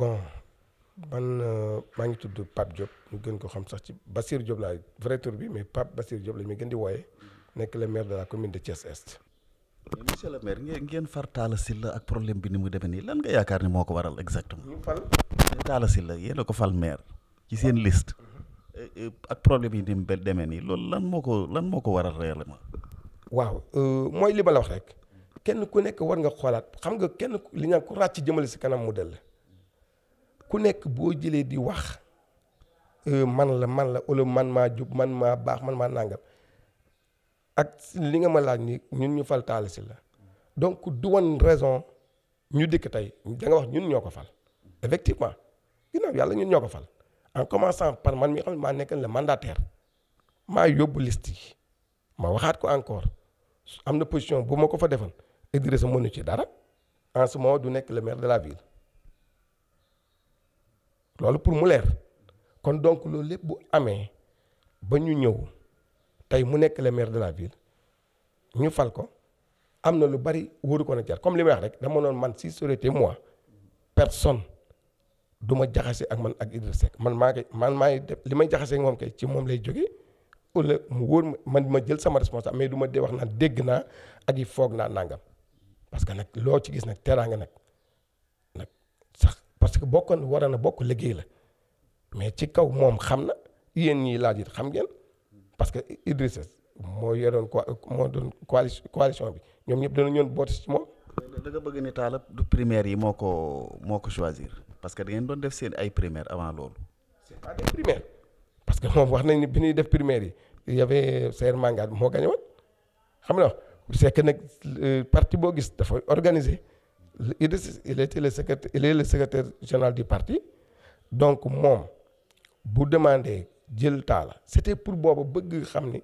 bon man euh, maa ngi tudd Pape Diop ñu gën ko xam sax ci Basir Diop laa vrai tour bi mais Pape Basir Diop la ñu gën di wooye nekk le maire de la commune de Thiès Est. monsieur le maire ngeen far Talla ak problème bi ni mu demee nii lan nga yaakaar ni moo ko waral exactement. ñu fal Talla Sylla yéen a ko fal maire ci seen list mm-hmm. euh, euh, ak problème yi ni mu demee nii loolu lan moo ko lan moo ko waral réellement. waaw mooy li ma wax rek. kenn ku nekk war nga xoolaat xam nga kenn li nga ko ràcc jëmale si kanam mu del ku nekk boo jëlee di wax euh, man la man la wala man maa jub man maa baax man maa nangam ak li nga ma laaj ni ñun ñu fal Talla si la donc du woon raison ñu dikk tey da nga wax ñun ñoo ko fal effectivement ginnaaw yàlla ñun ñoo ko fal en commençant par man mi xam ne maa nekk le mandataire maa yóbbu liste yi ma waxaat ko encore am na position boobu ma ko fa defoon Idrissa mënu ci dara en ce du nekk le maire de la ville loolu pour mu leer kon donc loolu lépp bu amee ba ñu ñëw tey mu nekk le maire de la ville ñu fal ko am na lu bari wóoru ko nag jar comme li may wax rek dama noon man si sorité moi personne du ma jaxase ak man ak Idriss Seck man maa ngi man maa ngi def li may jaxasee moom kay ci moom lay jóge wala mu wóor man ma jël sama responsable amee du ma dee wax naan dégg naa ak yi foog naa nangam parce que nag loo ci gis nag teraanga nag. parce que bokkoon war a na bokk liggéey la mais ci kaw moom xam na yéen ñiy laaj it xam ngeen parce que Idrissa moo yoroon ko moo doon coalition bi ñoom ñëpp dana ñoon booti ci moom. da bëgg ni taala du primaire yi moo ko moo ko choisir parce que da doon def seen ay primaire avant loolu. c'est pas des primaires parce que moom wax nañ ni bi ñuy def primaire yi y avait Seer Manga moo gañewoon xam nga c'est que nag euh, partie boo gis dafay organiser. il était le secrétaire il est le secrétaire général du parti donc moom bu demandé jël taala c'était pour booba bëgg xam ni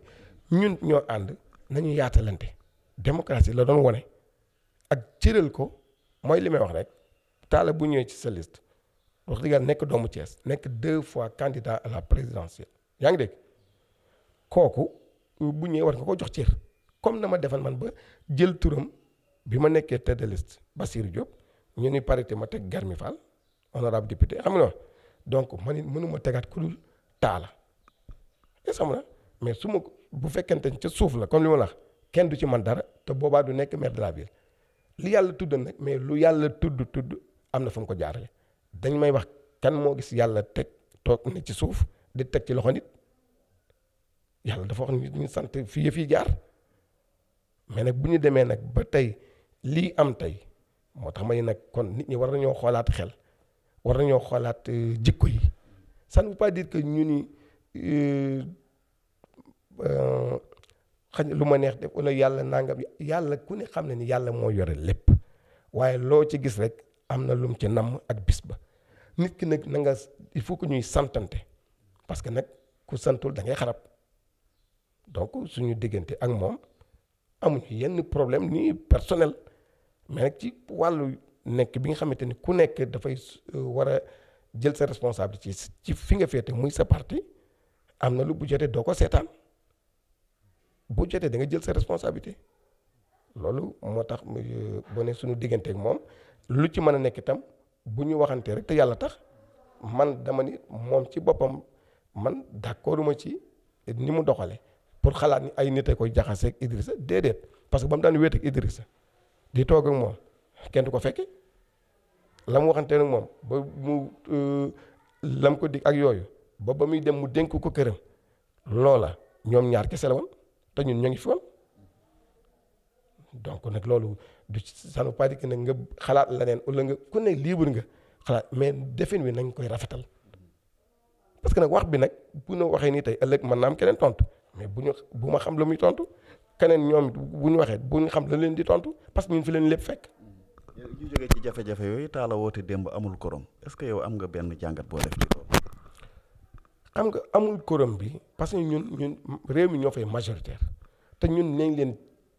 ñun ñoo ànd nañu yaatalante démocratie la doon wone ak cëral ko mooy li may wax rek taala bu ñëwee ci sa liste wax dëgg yàlla nekk doomu Thiès nekk deux fois candidat a la présidentielle yaa ngi dégg kooku bu ñëwee war nga ko jox cër comme na ma defal man ba jël turam bi ma nekkee tête de liste Bassirou ñu ni parité ma teg Garmi Fall honorable député xam nga donc man it mënuma tegaat ku dul taala te na mais su ma bu fekkente ci suuf la comme li ma la kenn du ci man dara te boobaa du nekk maire de la li yàlla tudd nag mais lu yàlla tudd tudd am na fu mu ko jaarale dañ may wax kenn moo gis yàlla teg toog ne ci suuf di teg ci loxo nit yàlla dafa wax ñu sant fii yëf yi jaar mais nag bu ñu demee nag ba tey. lii am tey moo tax ma ne nag kon nit ñi war nañoo xoolaat xel war nañoo xoolaat euh, jikko yi ça ne veut pas dire que ñu ni euh, euh, xañ lu ma neex def wala yàlla nangam yàlla ku ne xam ne ni yàlla moo yore lépp waaye loo ci gis rek am na lum ci namm ak bis ba nit ki nag na nga il faut que ñuy santante parce que nag ku santul da ngay xarab donc suñu diggante ak moom amuñu yenn problème ni personnel mais nag ci wàllu nekk bi nga xamante ni ku nekk dafay euh, war a jël sa responsabilité ci fi nga féete muy sa parti am na lu bu jotee doo ko seetaan bu jotee da nga jël sa responsabilité loolu moo tax euh, boo ne suñu digganteeg moom lu ci mën a nekk itam bu ñu waxantee rek te yàlla tax man dama ni moom ci boppam man d'accorduma ci ni mu doxale pour xalaat ni ay nit a koy jaxaseeg Idrissa déedéet parce que ba mu daan wéet ak Idrissa di toog ak moom kenn du ko fekke la mu waxante nag moom ba mu euh, lam ko di ak yooyu ba muy dem mu dénk ko këram loola ñoom ñaar kese la woon te ñun ñoo ngi fi woon donc nag loolu du ça ne veut pas dire que nga xalaat leneen wala nga ku nekk libre nga xalaat mais defin wi nañ koy rafetal parce que nag wax bi nag bu ñu waxee nii tey ëllëg mën naa am keneen tontu. mais bu ñu bu ma xam la muy tontu keneen ñoom bu ñu waxee bu ñu xam la leen di tontu parce que ñun fi leen lépp fekk. ñu jógee ci jafe-jafe yooyu taala woote démb est-ce que yow am nga benn jàngat boo def lii xam nga amul korom bi parce que ñun ñun réew mi ñoo fay majoritaire te ñun nañ leen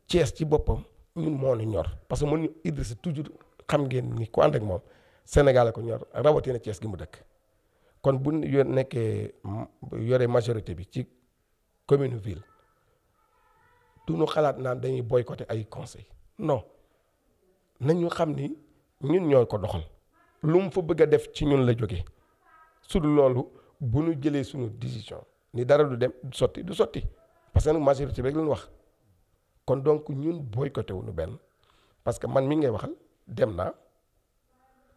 Cees ci boppam ñun moo ñu ñor parce que mën Idrissa toujours xam ngeen ni ku ànd ak moom Sénégal ko ñor rawatina Cees gi mu dëkk kon bu ñu nekkee yore majorité bi ci commune ville du ñu xalaat naan dañuy boycotter ay conseil non nañu xam ni ñun ñooy ko doxal lu mu fa bëgg a def ci ñun la jóge su dul loolu bu ñu jëlee suñu décision ni dara du dem du sotti du sotti parce que nag majorité bi rek lañu wax kon donc ñun boycotté wuñu benn parce que man mi ngay waxal dem naa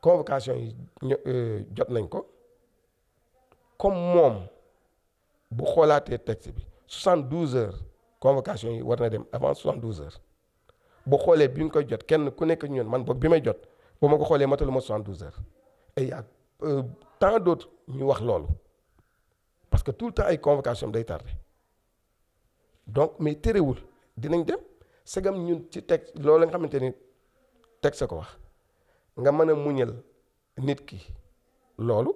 convocation yi euh, jot nañ ko comme moom bu xoolaatee texte bi 72 heures convocation yi war na dem avant 72 heures bu xoolee bi mu koy jot kenn ku nekk ñun man boog bi may jot bu ma ko xoolee matalu ma 72 heures et y temps euh, tant d'autres ñu wax loolu parce que tout le temps ay convocation day tardé donc mais terewul dinañ dem segam ñun ci texte loolu la nga xamante ni texte ko wax nga mën a muñal nit ki loolu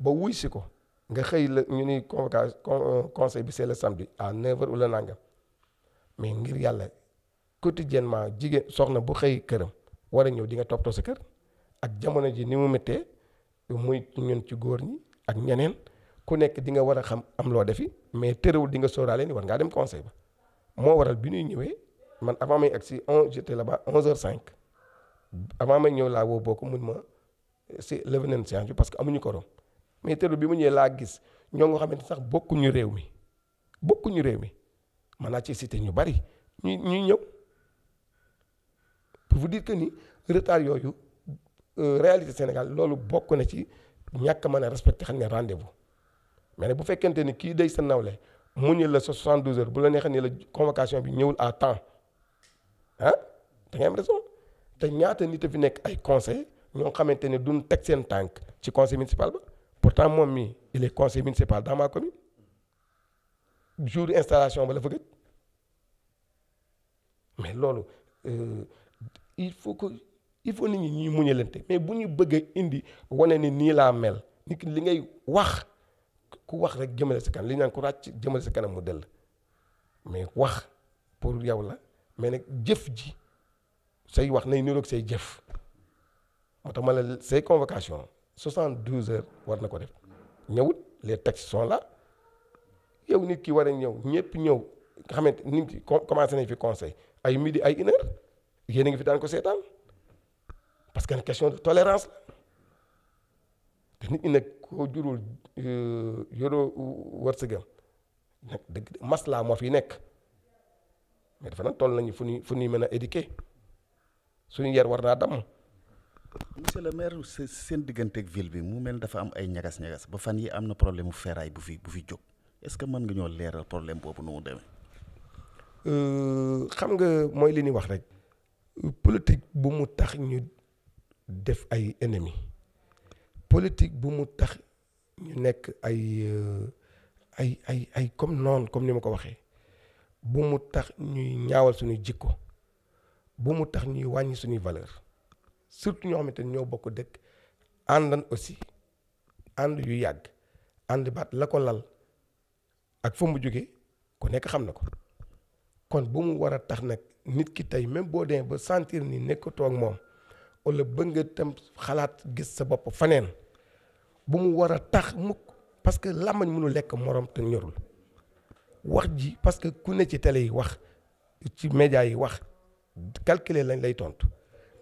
ba wuy si ko nga xëy la ñu ni convocation euh, conseil bi c'est le samedi bi 9h ou le nangam mais ngir yàlla quotidiennement jigéen soxna bu xëy këram war a ñëw di nga toppatoo si kër ak jamono ji ni mu méttee muy ñun ci góor ñi ak ñeneen ku nekk di nga war a xam am loo defi mais tërëwul di nga sóoraale ni war ngaa dem conseil ba moo waral bi ñuy ñëwee man avant may agsi on j'étais là-bas 11h05 avant may ñëw laa woo boo ko mun ma si le veneen séance parce que amuñu ko mais terror bi mu ñëwee laa gis ñoo nga xamante sax bokkuñu réew mi bokkuñu réew mi mën naa ci cité ñu bari ñu ñuy ñëw pour vous dire que ni retard yooyu euh, réalité Sénégal loolu bokk na ci ñàkk man a respecté xam ne rendez-vous mais nag bu fekkente ni kii day sa nawle mu ñu la sa 72 heures bu la neexee ni la convocation bi ñëwul à temps ah da ngay am raison te ñaata nit fi nekk ay conseil ñoo xamante ne duñ teg seen tànk ci conseil municipal pourtant moom mii il est conseiller municipal dans ma commune jour installation ba la fa gëj mais loolu euh, il faut que il faut nit ñi leen te mais bu ñu bëggee indi wane ni nii laa mel nit li ngay wax ku wax rek jëmale sa kanam li ñu naan ku ràcc jëmale sa kanam mu dell mais wax pour yow la mais nag jëf ji say wax nay niroog say jëf moo tax ma la say convocation 72 heures war na ko def ñëwut les textes sont là yow nit ki war a ñëw ñëpp ñëw nga xamante nit ki commencé nañ fi conseil ay midi ay une heure yéen a fi daan ko seetaan parce que question de tolérance la te nit ñi nag koo jurul euh, yoroo wërsëgam nag dëgg maslaa moo fii nekk mais dafa nag toll nañu fu ñuy fu ñuy mën a éduquer suñu yar war naa damm. monsieur le maire seen digganteeg ville bi mu mel dafa am ay ñagas-ñagas ba fan yi am na problème mu ferraille bu fi bu fi jóg est-ce que mën nga ñoo leeral problème boobu nu mu demee. Euh, xam nga mooy li ñuy wax rek. politique bu mu tax ñu def ay ennemis politique bu mu tax ñu nekk ay euh, ay ay ay comme noon comme ni ma ko waxee bu mu tax ñuy ñaawal suñuy jikko bu mu tax ñuy wàññi suñuy valeur surtout ñoo xamante ni ñoo bokk dëkk àndan aussi ànd yu yàgg ànd baat la ko lal ak fa mu jóge ko nekk xam na ko kon bu mu war a tax nag nit ki tey même boo demee ba sentir ni nekkatoo ak moom wala bëgg nga tam xalaat gis sa bopp faneen bu mu war a tax mukk parce que làmmañ mënu lekk morom te ñorul wax ji parce que ku ne ci télé yi wax ci média yi wax calculer lañ lay tontu.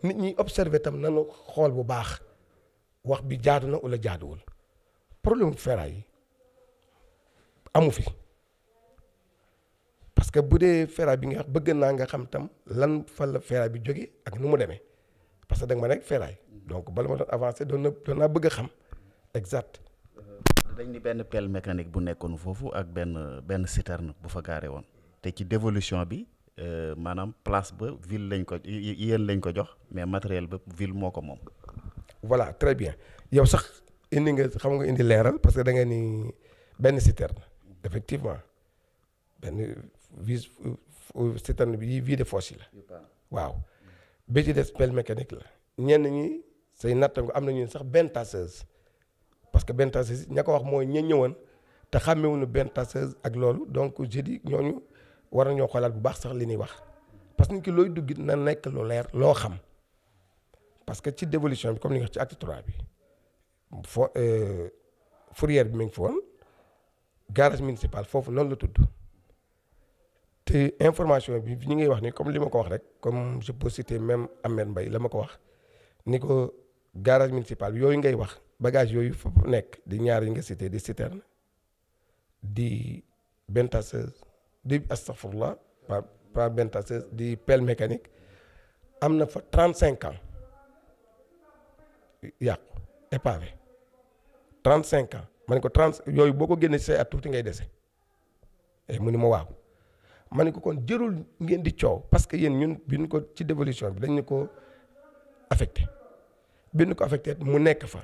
nit ñi observé tam nanu xool bu baax wax bi jaadu na wala jaaduwul problème ferraille yi amu fi parce que bu dee ferraille bi nga xam bëgg naa nga xam tam lan fan la ferraille bi jóge ak nu mu demee parce que da ma nekk ferraille donc bala ma doon avancé doon na doon naa bëgg a xam exact dañ ni benn pelle mécanique bu nekkoon foofu ak benn benn citerne bu fa gaaree woon te ci dévolution bi Euh, maanaam place ba ville lañ ko yéen lañ ko jox mais matériel ba ville moo ko moom. voilà très bien yow sax indi nga xam nga indi leeral parce que da nga ni benn citerne effectivement benn vis euh, citerne bi vide de la. waaau bi ci des pelle mécanique la ñenn ñi say nattango am nañu sax benn tasseuse parce que benn tasseuse ña ko wax mooy ña ñëwoon te xàmmewuñu benn tasseuse ak loolu donc je ñooñu war a nañoo xoolaat bu baax sax li ñuy wax parce que nit ki looy duggit na nekk lu leer loo xam parce que ci dévolution bi comme li nga wax ci acte 3 bi fo euh, fourrière bi mi ngi fi woon garage municipal foofu noonu la tudd te information bi ñu ngi wax ni comme li ma ko wax rek comme je peux citer même Ahmed Mbaye la ma ko wax ni ko garage municipal bi yooyu ngay wax bagage yooyu fa nekk di ñaar yi nga cité di citerne di bentasseuse di astafurlah pas pas benn tasseuse di pelle mécanique am na fa trente cinq ans yàqu épavé trente cinq ans ma ne ko trente yooyu boo ko génnee say at tuuti ngay dese et eh, mu ni ma waaw ma ne ko kon jërul ngeen di coow parce que yéen ñun bi ko ci dévolution bi dañ ñu ko affecté bi ko affecté mu nekk fa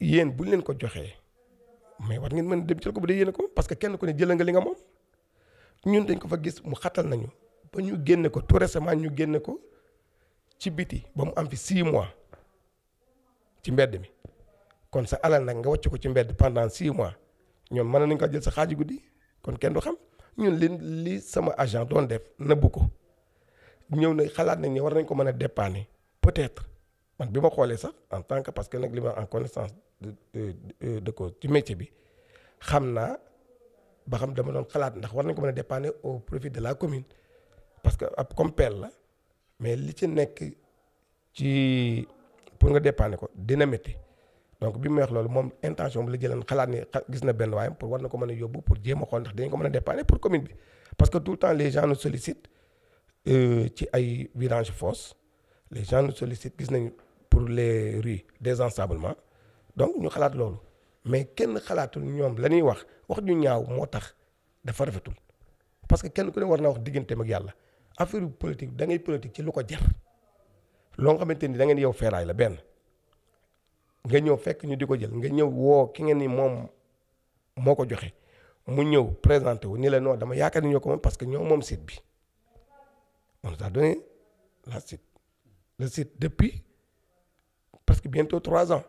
yéen buñ leen ko joxee. mais war ngeen mën a dem jël ko bu dee yéene ko parce que kenn ku ne jëla nga li nga moom ñun dañ ko fa gis mu xatal nañu ba ñu génne ko tout récemment ñu génne ko ci biti ba mu am fi 6 mois ci mbedd mi kon sa alal nag nga wàcc ko ci mbedd pendant 6 mois ñoom mën nañ ko jël sa xaaju guddi kon kenn du xam ñun li li sama agent doon def nëbbu ko ñëw na xalaat nañ ne war nañ ko mën a dépanner peut-être. man bi ma xoolee sax en tant que parce que nag li ma en connaissance de de cause ci métier bi xam naa ba xam dama doon xalaat ndax war nañ ko mën a dépanner au profit de la commune parce que ab comme pelle la mais li ci nekk ci pour nga dépanner ko dina métti donc bi mu wax loolu moom intention bi la jëlan xalaat ni gis na benn waayam pour war na ko mën a yóbbu pour jéem a xool ndax dañ ko mën a dépanner pour commune bi parce que tout le temps les euh, ci ay vidange fosse le genre nous sollicitent gis nañu pour le les des désensablement donc ñu xalaat loolu mais kenn xalaatul ñoom la ñuy wax wax ñu ñaaw moo tax dafa rafetul parce que kenn ku ne war naa wax digganteem ak yàlla affaire politique da ngay politique ci lu ko jar loo xamante ni da ngeen yow feeraay la benn nga ñëw fekk ñu di ko jël nga ñëw woo ki ngeen ni moom moo ko joxe mu ñëw présenté wu ni la non dama yaakaar ni ñoo ko moom parce que ñoo moom site bi on nous a donné la le site depuis presque bientôt trois ans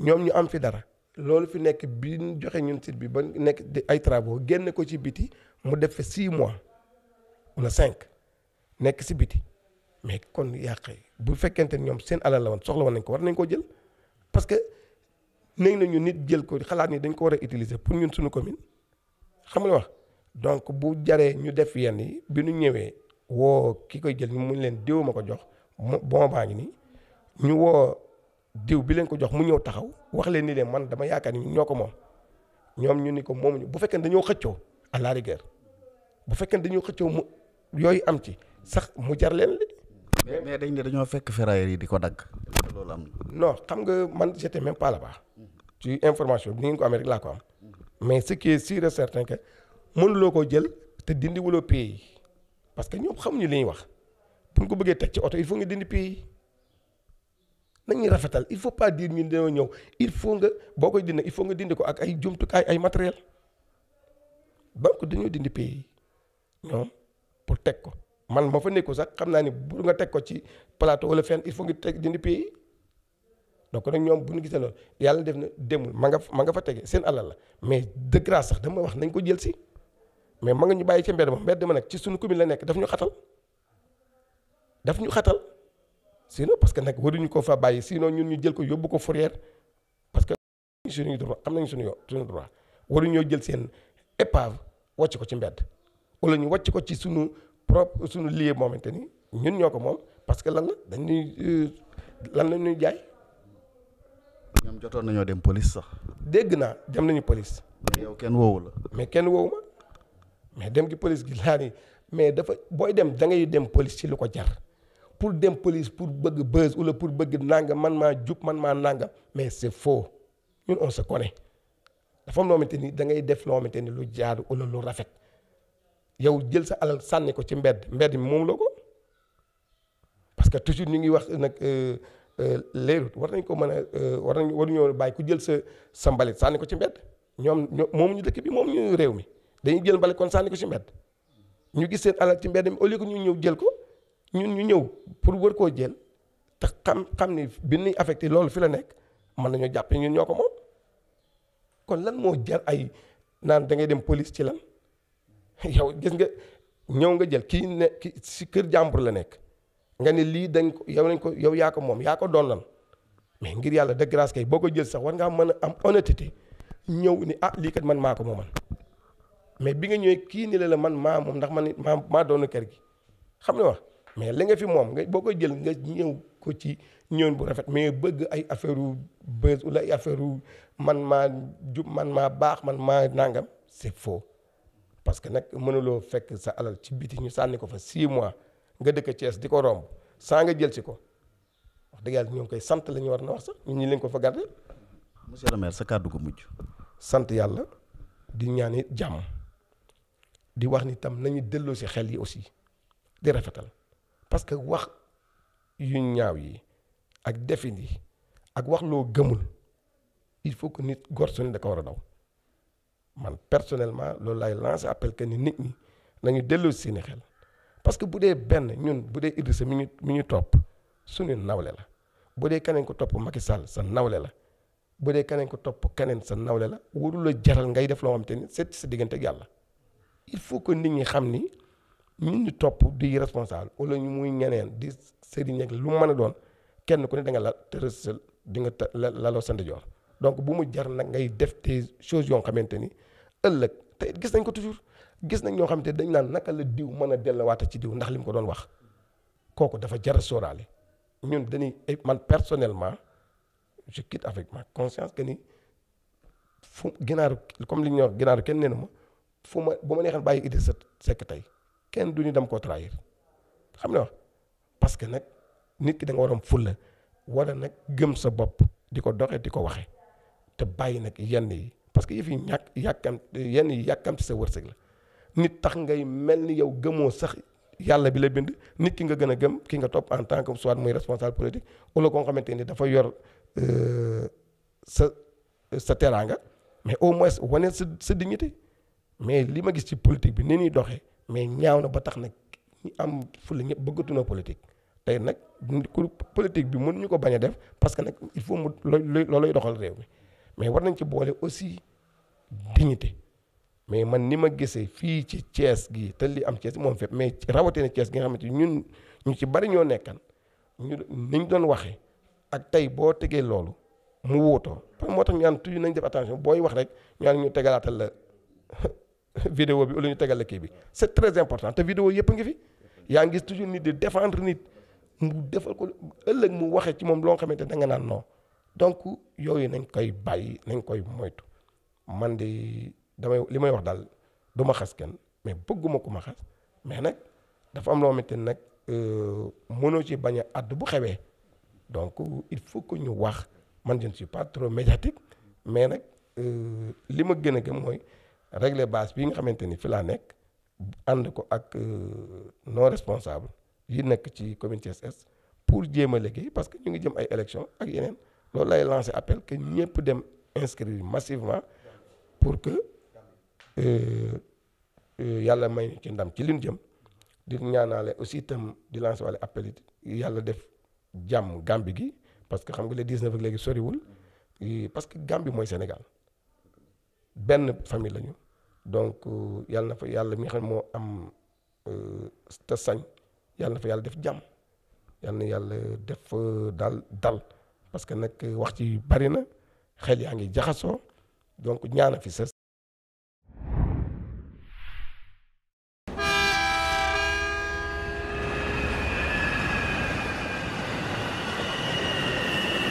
ñoom ñu am fi dara loolu fi nekk bi ñu joxe ñun site bi ba nekk ay travaux génn ko ci biti mu def fa six mois wala cinq nekk si biti mais kon yàq bu fekkente ñoom seen alal la woon soxla woon nañ ko war nañ koo jël parce que néeg na nit jël ko xalaat ni dañ ko war a utiliser pour ñun suñu commune xam nga wax donc bu jaree ñu def yenn yi bi ñu ñëwee. woo ki koy jël mu leen diw ma ko jox mu bon baa ngi nii ñu woo diw bi leen ko jox mu ñëw taxaw wax leen ni leen man dama yaakaar ni ñoo ko moom ñoom ñu ni ko moomuñu bu fekkee dañoo xëccoo à la bu fekkee dañoo xëccoo mu yooyu am ci sax mu jar leen li mais mais dañ ne dañoo fekk ferrailleur yi di ko dagg. loolu am non xam nga man j'étais même pas là-bas. ci information bi ni ko amee rek laa ko am. Mm. mais ce qui est sûr et certain que mënuloo koo jël te dindi wuloo pays parce que ñoom xamuñu li ñuy wax pour ko bëggee teg ci oto il faut nga dindi pii nañuy rafetal il faut pas dire ñun dañoo ñëw il faut nga boo koy dindi il faut nga ko ak ay jumtukaay ay matériel banque dañoo dindi pii ñoom pour teg ko man ma fa nekku sax xam naa ni bu nga teg ko ci plateau wala fen il faut nga teg dindi pii donc nag ñoom bu ñu gisee yàlla def na demul ma nga ma nga fa tege seen alal la mais de sax dama wax nañ ko jël si. mais ma nga ñu bàyyi ca mbedd ma mbedd ma nag ci suñu commune la nekk daf ñu xatal daf ñu xatal sinon parce que nag waruñu ko fa bàyyi sinon ñun ñu jël ko yóbbu ko fourrière parce que suñu droit am nañ suñu yo suñu droit waruñoo jël seen épave wàcc ko ci mbedd wala ñu wàcc ko ci suñu propre suñu lieu moomante ni ñun ñoo ko moom parce que lan la dañuy euh, lan la ñuy jaay. ñoom jotoon nañoo dem police sax. dégg naa dem nañu police. yow kenn woowu la. mais kenn woowu mais dem gi police gi laa ni mais dafa booy dem da ngay dem police ci lu ko jar pour dem police pour bëgg buzz wala pour bëgg nanga man maa jub man maa nangam mais c'est foo ñun on se connaît dafa am loo xamante ni da ngay def loo xamante ni lu jaadu wala lu rafet yow jël sa alal sànni ko ci mbedd mbedd mi moom la ko parce que toujours ñu ngi wax nag euh, euh, léerut war nañ ko mën a euh, war nañ waruñoo bàyyi ku jël sa sa mbalit sànni ko ci mbedd ñoom ñoom moom ñu dëkk bi moom ñu réew mi dañuy jël mbale kon sànni ko si mbedd ñu gis seen alal ci mbedd mi au lieu que ñu ñëw jël ko ñun ñu ñëw pour wër koo jël te xam xam ni bi ñuy affecté loolu fi la nekk mën nañoo jàpp ñun ñoo ko moom kon lan moo jar ay naan dangay dem police ci lan yow gis nga ñëw nga jël kii ne ki si kër jàmbur la nekk nga ni lii dañ ko yow lañ ko yow yaa ko moom yaa ko doon doonal mais ngir yàlla de grâce kay boo ko jël sax war ngaa mën a am honnêteté ñëw ni ah lii kat man maa ko moomal mais bi nga ñëwee kii ni la la man maa moom ndax man it maa maa doon kër gi xam nga wax mais li nga fi moom nga boo ko jël nga ñëw ko ci ñëw bu rafet mais bëgg ay affaire yu bës wala ay affaire yu man maa jub man maa baax man maa nangam c'est faux parce que nag mënuloo fekk sa alal ci biti ñu sànni ko fa 6 mois nga dëkk Thiès di ko romb saa nga jël si ko wax dëgg yàlla ñoo ngi koy sant la ñu war na wax sax ñu ñi ko fa garder. monsieur le maire sa kàddu ko mujj. sant yàlla di ñaan jàmm. di wax ni tam nañu delloo si xel yi aussi di rafetal parce que wax yu ñaaw yi ak defin yi ak wax loo gëmul il faut que nit gor su ne da ko war a daw man personnellement loolu laay lancer appel que ni nit ñi nañu delloo si seeni xel parce que bu dee benn ñun bu dee Idrissa mi ñu mi ñu topp suñu nawle la bu dee keneen ko topp Macky Sall sa nawle la bu dee keneen ko topp keneen sa nawle la warul la jaral ngay def loo xam te ni sa diggante ak il faut que nit ñi xam ni ñun ñu topp di responsable wala ñu muy ñeneen di sëriñ ak lu mu mën a doon kenn ku ne da la tërësal di nga la laloo sant joor donc bu mu jar nag ngay def tes choses yoo xamante ni ëllëg te gis nañ ko toujours gis nañ ñoo xamante ne dañ naan naka la diw mën a delluwaate ci diw ndax li mu ko doon wax kooku dafa jar sóoraale ñun dañuy man personnellement je quitte avec conscience que ni fu ginaaru comme li ñuy wax ginaaru kenn neenu ma. fu ma bu ma neexoon bàyyi Idrissa Seck tey kenn du ñu dem koo trahir xam nga wax parce que nag nit ki da nga war am fulla wala nag gëm sa bopp di ko doxee di ko waxe te bàyyi nag yenn yi parce que yëf yi ñàkk yàkkam yenn yi yàkkam sa wërsëg la nit tax ngay mel ni yow gëmoo sax yàlla bi la bind nit ki nga gën a gëm ki nga topp en tant que soit muy responsable politique wala koo xamante ni dafa yor euh, sa sa teraanga mais au moins wane sa sa dignité mais li ma gis ci politique bi ni ñuy doxee mais ñaaw na ba tax nag ñu am fulla ñëpp bëggatunoo politique tey nag ku politique bi mun mënuñu ko bañ a def parce que nag il faut mu loolay doxal réew mi mais war nañ ci boole aussi dignité mais man ni ma gisee fii ci Thiès gi te li am Thiès moom fépp mais rawatina Thiès gi nga xamante ñun ñu ci bari ñoo nekkan ñu niñ doon waxee ak tey boo tegee loolu mu wóotoo moo tax ñu naan toujours nañ def attention booy wax rek ñu ñu tegalaatal la vidéo bi au ñu tegal la kii bi c'est très important te vidéo yëpp ngi fi yaa ngi gis toujours nit di défendre nit mu defal ko ëllëg mu waxee ci moom loo xamante ne da nga naan non donc yooyu nañ koy bàyyi nañ koy moytu man di damay li may wax daal du ma xas kenn mais bëgguma ko ma xas mais nag dafa am loo xamante ne nag euh, mënoo ci bañ a àdd bu xewee donc il faut que ñu wax man je ne suis pas trop médiatique mais nag euh, li ma gën a gëm mooy. régler base bi nga xamante ni fi laa nekk ànd ko ak euh, non responsable yi nekk ci commune Thiès Est pour jéem a liggéey parce que ñu ngi jëm ay élection ak yeneen loolu lay lancer appel que ñëpp dem inscrire massivement pour que euh, euh, yàlla may ñu ci ndam ci li jëm di ñaanaale aussi itam di lancer wàllu appel it yàlla def jàmm Gambie gi parce que xam nga le 19 ak léegi soriwul parce que Gambie mooy Sénégal. benn famille lañu donc euh, yàlla na fa yàlla mi nga moo am euh, te sañ yàlla na fa yàlla def jàmm yàlla yàlla def euh, dal dal parce que nag wax ci bari na xel yaa ngi jaxasoo donc ñaana fi sës